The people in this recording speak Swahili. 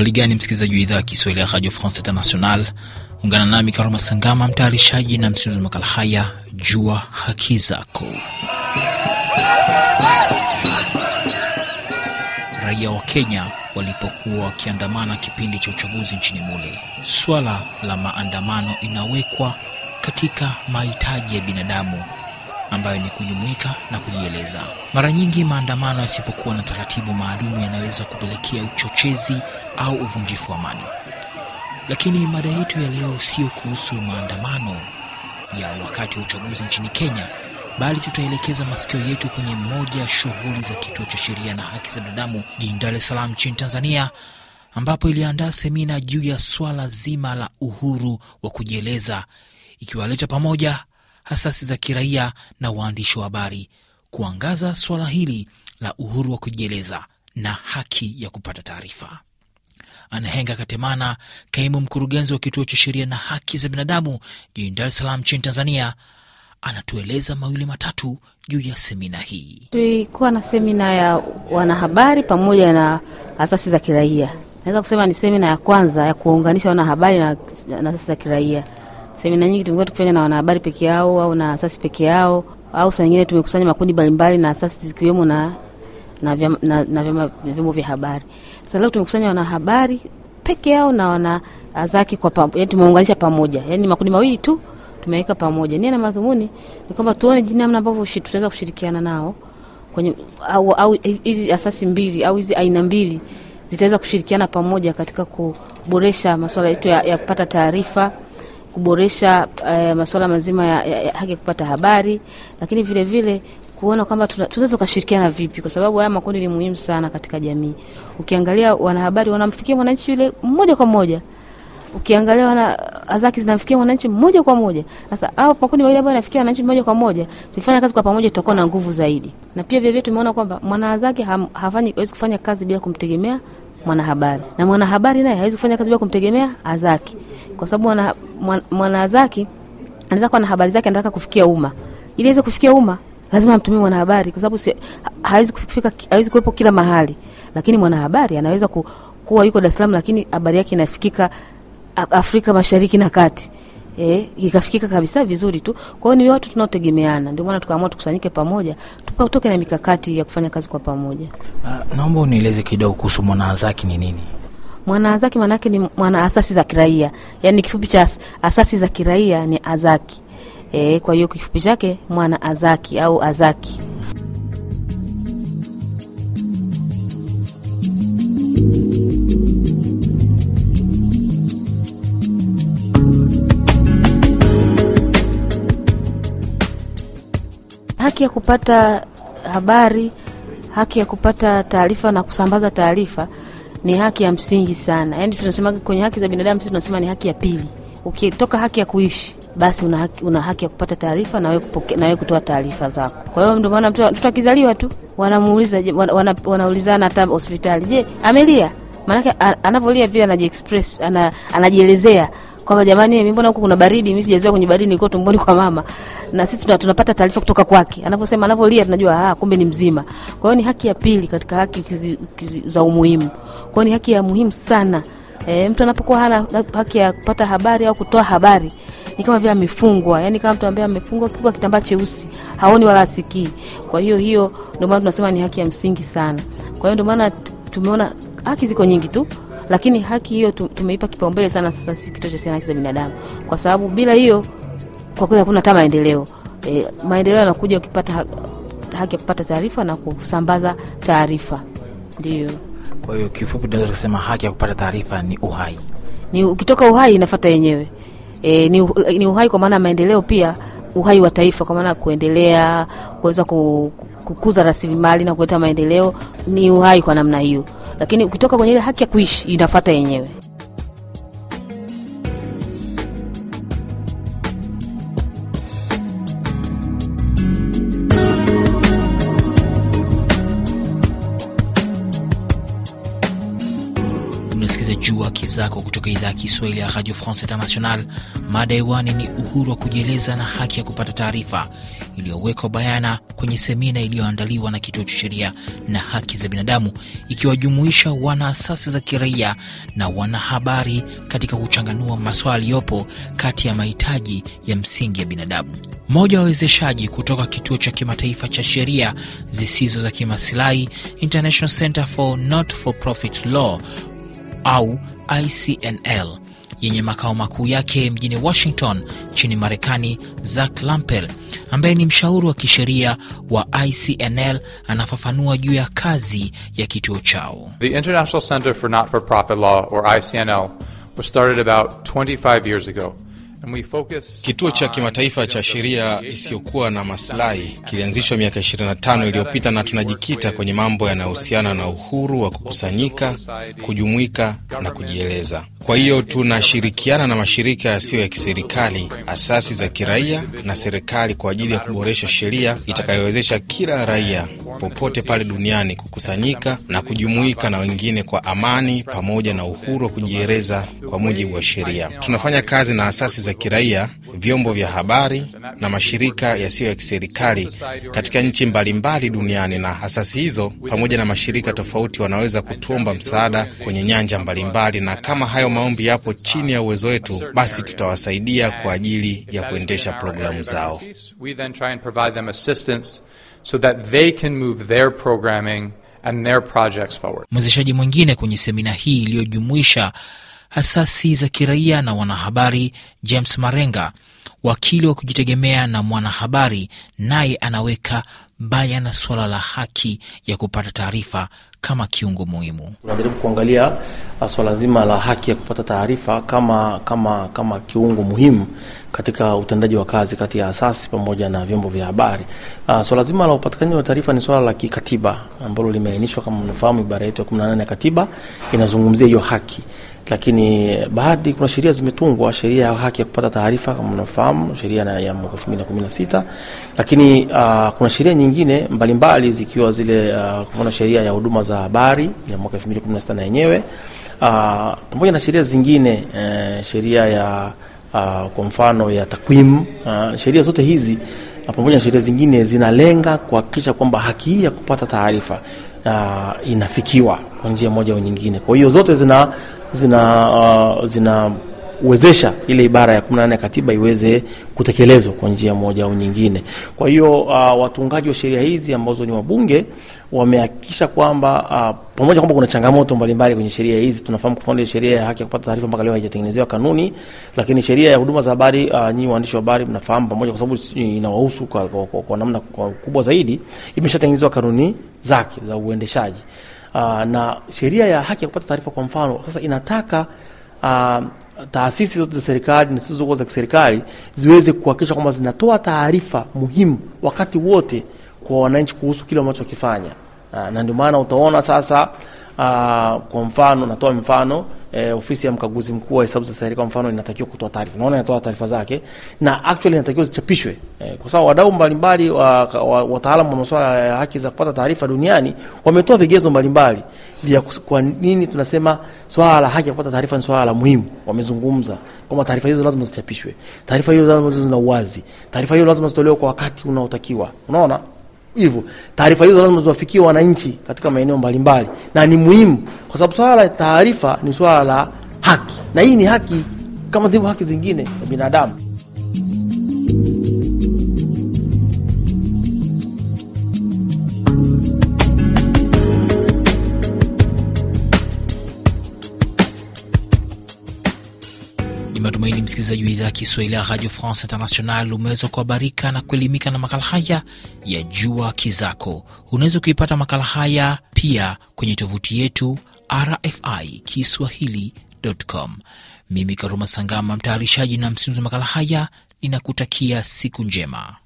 hali gani msikilizaji wa idhaa ya Kiswahili ya Radio France International, ungana nami karuma Sangama, mtayarishaji na msimuzi makala haya, Jua Haki Zako. Raia wa Kenya walipokuwa wakiandamana kipindi cha uchaguzi nchini mule, swala la maandamano inawekwa katika mahitaji ya binadamu ambayo ni kujumuika na kujieleza. Mara nyingi maandamano yasipokuwa na taratibu maalum yanaweza kupelekea uchochezi au uvunjifu wa amani. Lakini mada yetu ya leo sio kuhusu maandamano ya wakati wa uchaguzi nchini Kenya, bali tutaelekeza masikio yetu kwenye mmoja ya shughuli za Kituo cha Sheria na Haki za Binadamu jijini Dar es Salaam nchini Tanzania, ambapo iliandaa semina juu ya swala zima la uhuru wa kujieleza ikiwaleta pamoja asasi za kiraia na waandishi wa habari kuangaza suala hili la uhuru wa kujieleza na haki ya kupata taarifa. Anahenga Katemana, kaimu mkurugenzi wa kituo cha sheria na haki za binadamu jijini dares salam Salaam nchini Tanzania, anatueleza mawili matatu juu ya semina hii. Tulikuwa na semina ya wanahabari pamoja na asasi za kiraia. Naweza kusema ni semina ya kwanza ya kuwaunganisha wanahabari na asasi za kiraia Semina nyingi tumekuwa tukifanya na wanahabari peke yao au na asasi peke yao, au saa nyingine tumekusanya makundi mbalimbali na asasi zikiwemo na na vyama vyombo vya habari. Sasa leo tumekusanya wanahabari peke yao na wana azaki kwa pa, yani tumeunganisha pamoja, yani makundi mawili tu tumeweka pamoja. Nia na madhumuni ni kwamba tuone jinsi namna ambavyo tutaweza kushirikiana nao kwenye au, au hizi asasi mbili au hizi aina mbili zitaweza kushirikiana pamoja katika kuboresha masuala yetu ya, ya kupata taarifa kuboresha eh, masuala mazima ya, ya, ya haki kupata habari, lakini vile vile kuona kwamba tunaweza kushirikiana vipi, kwa sababu haya makundi ni muhimu sana katika jamii. Ukiangalia wanahabari wanamfikia mwananchi yule moja kwa moja, ukiangalia wana azaki zinamfikia mwananchi moja kwa moja. Sasa hao makundi mawili ambayo yanafikia wananchi moja kwa moja, tukifanya kazi kwa pamoja, tutakuwa na nguvu zaidi. Na pia vile vile tumeona kwamba mwana azaki hafanyi hawezi kufanya kazi bila kumtegemea mwanahabari, na mwanahabari naye hawezi kufanya kazi bila kumtegemea Azaki, kwa sababu mwana, mwana, Azaki anaweza kuwa na habari zake, anataka kufikia umma. Ili aweze kufikia umma, lazima amtumie mwanahabari, kwa sababu si, hawezi kufika, hawezi kuwepo kila mahali, lakini mwanahabari anaweza ku, kuwa yuko Dar es Salaam, lakini habari yake inafikika Afrika Mashariki na Kati eh, ikafikika kabisa vizuri tu. Kwa hiyo ni watu tunaotegemeana, ndio maana tukaamua tukusanyike pamoja, tupatoke na mikakati ya kufanya kazi kwa pamoja. Uh, naomba unieleze kidogo kuhusu mwanaazaki ni nini? Mwanahazaki maanake ni mwana asasi za kiraia, yaani kifupi cha asasi za kiraia ni azaki. E, kwa hiyo kifupi chake mwana azaki au azaki haki ya kupata habari, haki ya kupata taarifa na kusambaza taarifa ni haki ya msingi sana. Yaani tunasema kwenye haki za binadamu sisi tunasema ni haki ya pili. Ukitoka haki ya kuishi, basi una haki, una haki ya kupata taarifa na wewe kupokea na wewe kutoa taarifa zako. Kwa hiyo ndio maana mtoto akizaliwa tu wanamuuliza wana, wana, wanaulizana hata hospitali, je, amelia? Maanake anavyolia vile anajiexpress ana, anajielezea kwamba jamani, mimi mbona huku kuna baridi, mimi sijazoea kwenye baridi, nilikuwa tumboni kwa mama, na sisi tunapata taarifa kutoka kwake, anaposema anavyolia, tunajua ah, kumbe ni mzima. Kwa hiyo ni haki ya pili katika haki kizi, kizi, za umuhimu. Kwa hiyo ni haki ya muhimu sana. E, mtu anapokuwa hana haki ya kupata habari au kutoa habari ni kama vile amefungwa, yani kama mtu ambaye amefungwa kwa kitambaa cheusi, haoni wala asikii. Kwa hiyo hiyo ndio maana tunasema ni haki ya msingi sana. Kwa hiyo ndio maana tumeona haki ziko nyingi tu lakini haki hiyo tumeipa kipaumbele sana sasa sisi kituo cha sheria na haki za binadamu, kwa sababu bila hiyo kwa kweli hakuna hata maendeleo. E, maendeleo yanakuja ukipata ha haki ya kupata taarifa na kusambaza taarifa, ndio. Kwa hiyo kifupi tunaweza kusema haki ya kupata taarifa ni uhai, ni ukitoka uhai inafuata yenyewe. E, ni, ni uhai kwa maana maendeleo pia uhai wa taifa kwa maana kuendelea, kuweza kukuza rasilimali na kuleta maendeleo, ni uhai kwa namna hiyo lakini ukitoka kwenye ile haki ya kuishi inafuata yenyewe. Haki Zako kutoka idhaa ya Kiswahili ya Radio France International. Mada iwani ni uhuru wa kujieleza na haki ya kupata taarifa iliyowekwa bayana kwenye semina iliyoandaliwa na Kituo cha Sheria na Haki za Binadamu, ikiwajumuisha wanaasasi za kiraia na wanahabari katika kuchanganua maswala yaliyopo kati ya mahitaji ya msingi ya binadamu. Mmoja wa wawezeshaji kutoka Kituo cha Kimataifa cha Sheria Zisizo za Kimasilahi, International Center for Not for Profit Law au ICNL yenye makao makuu yake mjini Washington nchini Marekani. zack Lampel ambaye ni mshauri wa kisheria wa ICNL anafafanua juu ya kazi ya kituo chao. The International Center for Not-for-Profit Law or ICNL was started about 25 years ago Kituo cha kimataifa cha sheria isiyokuwa na masilahi kilianzishwa miaka 25 iliyopita na tunajikita kwenye mambo yanayohusiana na uhuru wa kukusanyika, kujumuika na kujieleza. Kwa hiyo tunashirikiana na mashirika yasiyo ya kiserikali, asasi za kiraia na serikali kwa ajili ya kuboresha sheria itakayowezesha kila raia popote pale duniani kukusanyika na kujumuika na wengine kwa amani pamoja na uhuru wa kujieleza kwa mujibu wa sheria. Tunafanya kazi na asasi za kiraia, vyombo vya habari na mashirika yasiyo ya kiserikali katika nchi mbalimbali duniani, na asasi hizo pamoja na mashirika tofauti wanaweza kutuomba msaada kwenye nyanja mbalimbali, na kama hayo maombi yapo chini ya uwezo wetu, basi tutawasaidia kwa ajili ya kuendesha programu zao so that they can move their programming and their projects forward. Mwezeshaji mwingine kwenye semina hii iliyojumuisha hasasi za kiraia na wanahabari, James Marenga, wakili wa kujitegemea na mwanahabari, naye anaweka mbaya na suala la haki ya kupata taarifa kama kiungo muhimu. Unajaribu kuangalia ah, swala zima la haki ya kupata taarifa kama, kama, kama kiungo muhimu katika utendaji wa kazi kati ya asasi pamoja na vyombo vya habari. Ah, swala zima la upatikanaji wa taarifa ni swala la kikatiba ambalo limeainishwa, kama mnafahamu, ibara yetu ya 18 ya katiba inazungumzia hiyo haki lakini eh, baadhi kuna sheria zimetungwa, sheria ya haki ya kupata taarifa kama unafahamu, sheria ya mwaka na na kumi sita. lakini uh, kuna sheria nyingi nyingine mbalimbali zikiwa zile uh, sheria ya huduma za habari ya mwaka 2016 na yenyewe uh, pamoja na sheria zingine uh, sheria ya uh, kwa mfano ya takwimu uh, sheria zote hizi uh, pamoja na sheria zingine zinalenga kuhakikisha kwamba haki hii ya kupata taarifa uh, inafikiwa kwa njia moja au nyingine. Kwa hiyo zote zina zina uh, zina kuwezesha ile ibara ya 18 ya katiba iweze kutekelezwa kwa njia moja au nyingine. Kwa hiyo uh, watungaji wa sheria hizi ambazo ni wabunge wamehakikisha kwamba uh, pamoja kwamba kuna changamoto mbalimbali kwenye sheria hizi. Tunafahamu kwa mfano sheria ya haki ya kupata taarifa mpaka leo haijatengenezewa kanuni, lakini sheria ya huduma za habari uh, nyinyi waandishi wa habari mnafahamu, pamoja kwa sababu inawahusu kwa, kwa, kwa, kwa namna kwa kubwa zaidi, imeshatengenezwa kanuni zake za uendeshaji uh, na sheria ya haki ya kupata taarifa kwa mfano sasa inataka uh, taasisi zote za serikali na zisizokuwa za kiserikali ziweze kuhakikisha kwamba zinatoa taarifa muhimu wakati wote kwa wananchi kuhusu kile wakifanya ah, na ndio maana utaona sasa, aa, ah, kwa mfano natoa mfano e, ofisi ya mkaguzi mkuu wa hesabu za serikali kwa mfano inatakiwa kutoa taarifa, naona inatoa taarifa zake na actually inatakiwa zichapishwe e, kwa sababu wadau mbalimbali wataalamu wa, wa masuala ya haki za kupata taarifa duniani wametoa vigezo mbalimbali vya kwa nini tunasema swala la haki ya kupata taarifa ni swala la muhimu. Wamezungumza kwamba taarifa hizo lazima zichapishwe, taarifa hizo lazima zina uwazi, taarifa hiyo lazima zitolewe kwa wakati unaotakiwa, unaona hivyo taarifa hizo lazima ziwafikie wananchi katika maeneo mbalimbali, na ni muhimu kwa sababu swala la taarifa ni swala la haki, na hii ni haki kama zilivyo haki zingine za binadamu. Ni matumaini msikilizaji wa idhaa ya Kiswahili ya Radio France International umeweza kuhabarika na kuelimika na makala haya ya Jua Kizako. Unaweza kuipata makala haya pia kwenye tovuti yetu RFI Kiswahili.com. Mimi Karuma Sangama, mtayarishaji na msimuzi wa makala haya, ninakutakia siku njema.